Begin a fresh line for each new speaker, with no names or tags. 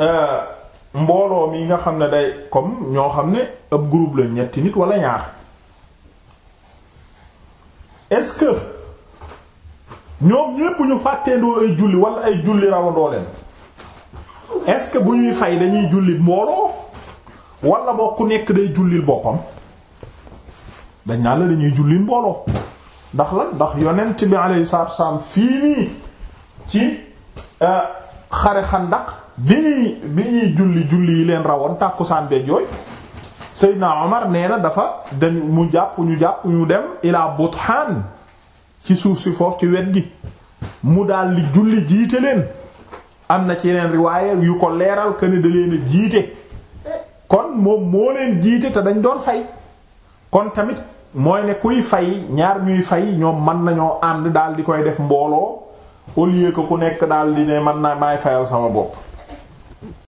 Euh, mbooloo mi nga xam ne day comme ñoo xam ne ab groupe la ñetti nit wala ñaar est-ce que ñoom ñépp ñu fàtteendoo ay julli wala ay julli rawandoo leen est-ce que bu ñuy fay dañuy julli mbooloo wala boo ku nekk day jullil boppam dañ naan la dañuy jullil mbooloo ndax lan ndax yonent bi alayhi salaatu wa fii nii ci. Euh, xare xandaq bi ñuy bi ñuy julli julli yi leen rawoon tàkkusaan beeg yooyu Seydina Omar nee na dafa dañ mu jàpp ñu jàpp ñu dem ilaa Buthan ci suuf si foofu ci wet gi mu daal li julli jiite leen am na ci yeneen riwaaye yu ko leeral que da leen jiite kon moom moo leen jiite te dañ doon fay kon tamit mooy ne kuy fay ñaar ñuy fay ñoom mën nañoo ànd daal di koy def mbooloo au lieu ku nekk daal di ne man naa maay fayal sama
bopp